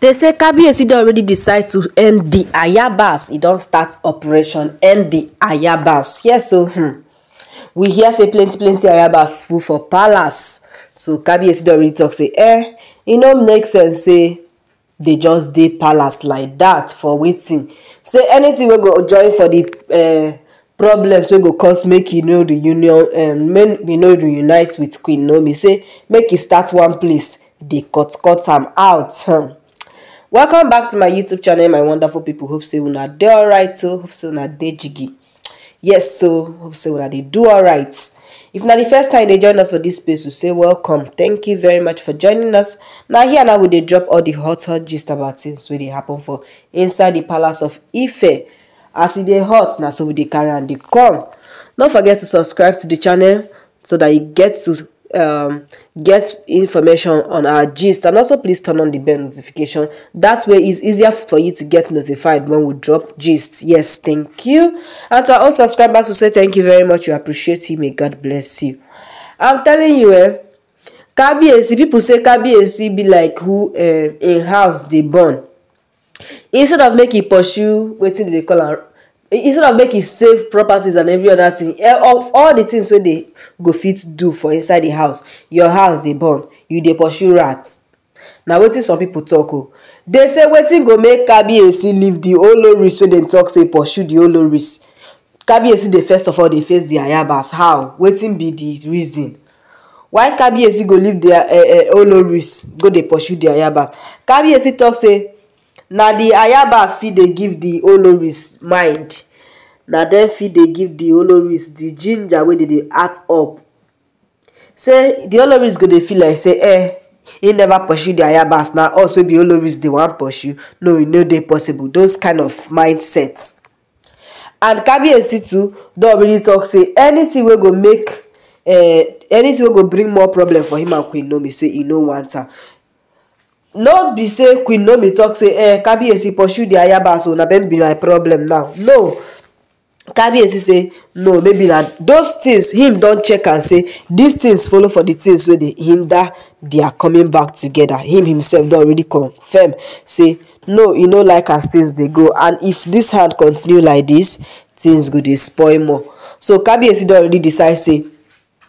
they say kabiyesi don already decide to end the ayabas e don start operation end the ayabas yes o so, hmm. we hear say plenty plenty ayabas full for palace so kabiyesi don already talk say eh e no make sense say dey just dey palace like that for wetin say anything wey go join for the uh, problems wey go cause make you no union um, eh, make we no reunite with queen naomi say make e start one place dey cut cut am out. Hmm welcome back to my youtube channel my wonderful people hope say una dey alright so oh. hope say una dey jiggy yes so oh. hope say una dey do alright if na the first time you dey join us for this space we say welcome thank you very much for joining us na here now we dey drop all the hot hot gist about things wey dey happen for inside the palace of ife as e dey hot na so we dey carry am dey come no forget to subscribe to the channel so that you get to um, get information on our gist and also please turn on the bell notification that way it's easier for you to get notified when we drop gist yes thank you and to all subscribers who say thank you very much we appreciate you may god bless you i'm telling you eh kabiyesi people say kabiyesi be like who uh, in house dey born instead of make e pursue wetin dem dey call am instead of make e save properties and every other thing eh, of all the things wey dey go fit do for inside the house your house dey burn you dey pursue rat na wetin some people talk o dey say wetin go make kabiyesi leave the oloris wey dem talk say pursue the oloris kabiyesi dey first of all dey face the ayabas how wetin be the reason why kabiyesi go leave the uh, eh, uh, eh, oloris go dey pursue the ayabas kabiyesi talk say na the ayabas fit dey give the oloris mind na dem fit dey give the oloris the ginger wey dey dey act up say the oloris go dey feel like say eh he never pursue the ayabas na us wey be oloris dey wan pursue no e no dey possible those kind of mindset and kabiyesi too don really talk say anything wey go make eh anything wey go bring more problem for him and queen Nomi. say e no want am no be say queen nomi talk say eh kabiyesi pursue di ayaba so na dem be my problem now no kabiyesi say no maybe na those things him don check and say these things follow for the things wey dey hinder their coming back together. him himself don already confirm say no e no like as things dey go and if this hand continue like this, things go dey spoil more so kabiyesi don already decide say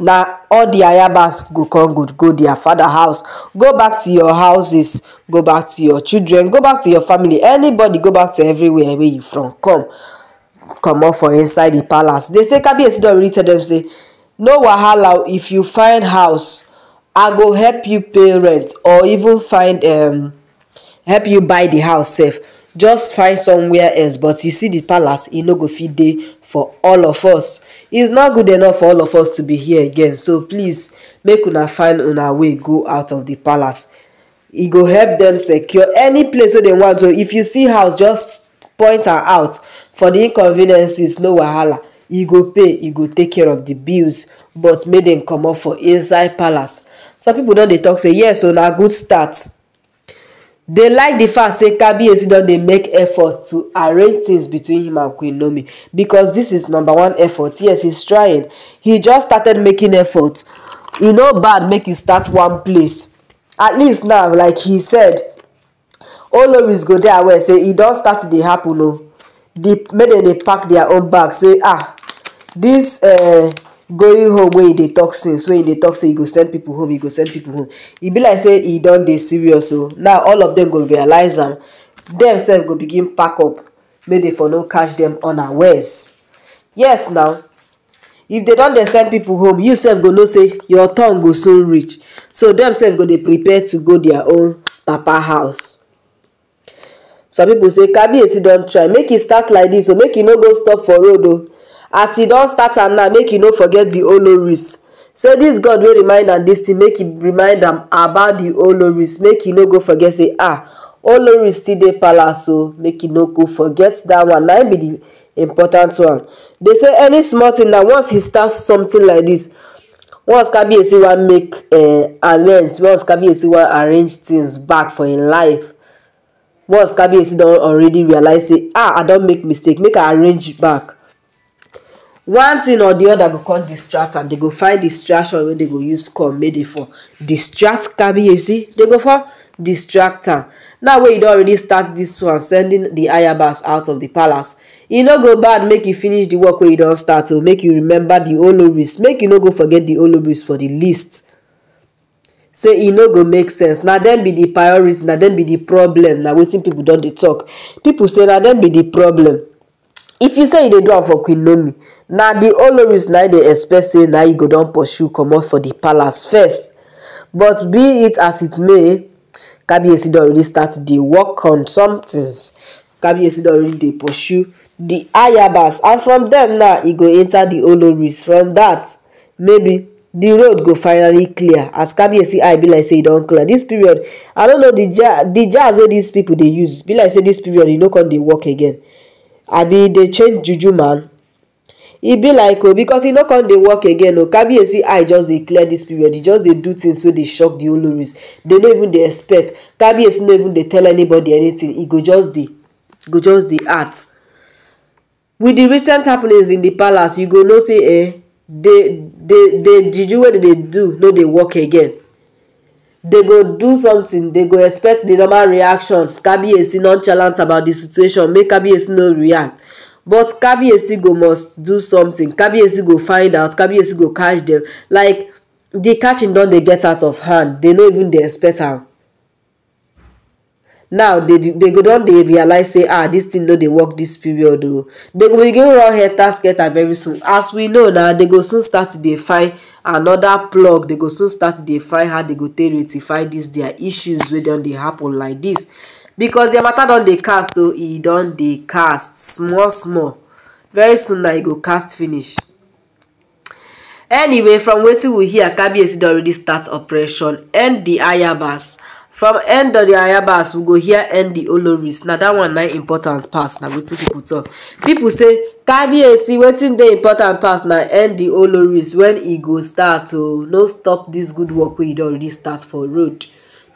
na all the ayabas go come good go their father house go back to your houses go back to your children go back to your family anybody go back to everywhere wey you from come come up for inside the palace They say kabiyesi don really tell dem say no wahala if you find house i go help you pay rent or even find um, help you buy the house sef just find somewhere else but you see the palace e no go fit dey for all of us it's not good enough for all of us to be here again so please make una find una way go out of the palace e go help dem secure any place wey dem want so if you see house just point am out for the inconveniences no wahala e go pay e go take care of the bills but make dem comot for inside palace some people don dey talk say yes So na good start They like the fact say kabiyesi don dey make effort to arrange things between him and queen Nomi because this is number one effort yes he's trying he just started making effort e no bad make you start one place at least now like he said oloris go dey aware say e don start to dey happen o oh. make dem dey pack their own bag say ah this. uh, going home wey e dey talk since wey e dey talk say he go send people home He go send people home e be like say he don dey serious o now all of them go realize am dem sef go begin pack up make dey for no catch dem unawares yes now if they don dey send people home you sef go know say your turn go soon reach so dem sef go dey prepare to go their own papa house some people say kabiyesi don try make e start like this o make e no go stop for road o as he don start am now make e no forget the oloris say this god wey remind am this thing make e remind am about the oloris make e no go forget say ah oloris still dey palace o oh. make e no go forget that one na be the important one They say any small thing na once he start something like this, once kabiyesi wan make uh, amends once kabiyesi wan arrange things back for im life once kabiyesi don already realize say ah i don make mistake make i arrange back one thing or the other go come distract am they go find distraction wey they go use come make they for distract kabi you see they go for distract am now wey you don already start this one sending the ayabas out of the palace e no go bad make you finish the work wey you don start o make you remember the oloris make you no go forget the oloris for the list say e no go make sense na dem be the priority na dem be the problem na wetin people don dey talk people say na dem be the problem if you say you dey do am for queen nomi na the oloris na im dey expect say na im go don pursue comot for di palace first but be it as it may kabiyesi don already start dey work on some things kabiyesi don already dey pursue di ayabas and from dem now e go enter di oloris from dat maybe di road go finally clear as kabiyesi eye be like say e don clear dis period i no know di jazz wey dis pipo dey use be like say dis period e no come dey work again abi e dey change juju man e be like oh because e no come dey work again oh kabiyesi eye just dey clear this period e just dey do things wey dey shock the oloris they no even dey expect kabiyesi no even dey tell anybody anything e go just dey go just dey act with the recent happenings in the palace you go know say eh the juju wey dem dey do no dey work again they go do something they go expect the normal reaction kabiyesi nonchalant about the situation make kabiyesi no react but kabiyesi go must do something kabiyesi go find out kabiyesi go catch them. like di catching don dey get out of hand They no even dey expect am now they go don dey realize say ah this thing no dey work this period o oh. dey go begin run head tasketa very soon as we know na they go soon start to dey find another plug They go soon start to dey find how they go take rectify dis their issues wey don dey happen like this because your matter don dey cast oh, he don dey cast small small very soon na e go cast finish anyway from waiting we hear kabiyesi don already start operation end the ayabas from end of the ayabas we go hear end the oloris Now that one na important pass na wetin people talk people say kabiyesi waiting the important pass now end the oloris when he go start o oh, no stop this good work We already start for road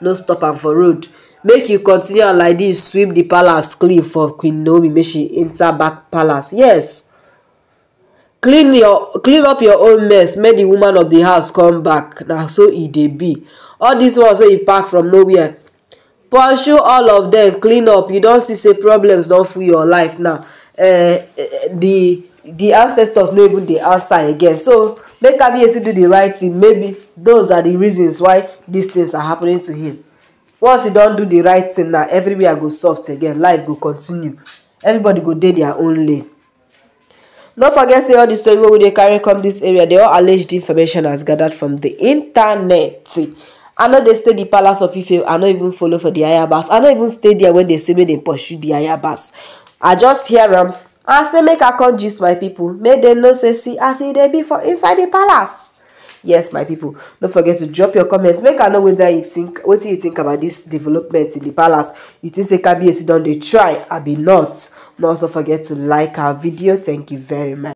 no stop and for road make you continue like this, sweep the palace clean for queen naomi make she enter back palace yes clean your clean up your own mess make the woman of the house come back na so e dey be all dis ones wey e pack from nowhere pursue all of them clean up you don see say problems don full your life now uh, eh, di eh, eh, the ancestors no even dey answer again so make kabiyesi do the right thing maybe those are the reasons why these things are happening to him once you don do the right thing now everywhere go soft again life go continue everybody go dey their own lane no forget say all di story wey we dey carry come this area They all alleged information as gathered from the internet i no dey stay the palace of ife i no even follow for the ayabas i no even stay there wen dey say make dem pursue the ayabas i just hear am i say make i come gist my people. make dem know say see as e dey be for inside the palace yes my people. Don't forget to drop your comments. make i know whether you think what do you think about this development in the palace you think say kabiyesi don dey try I be not no also forget to like our video thank you very much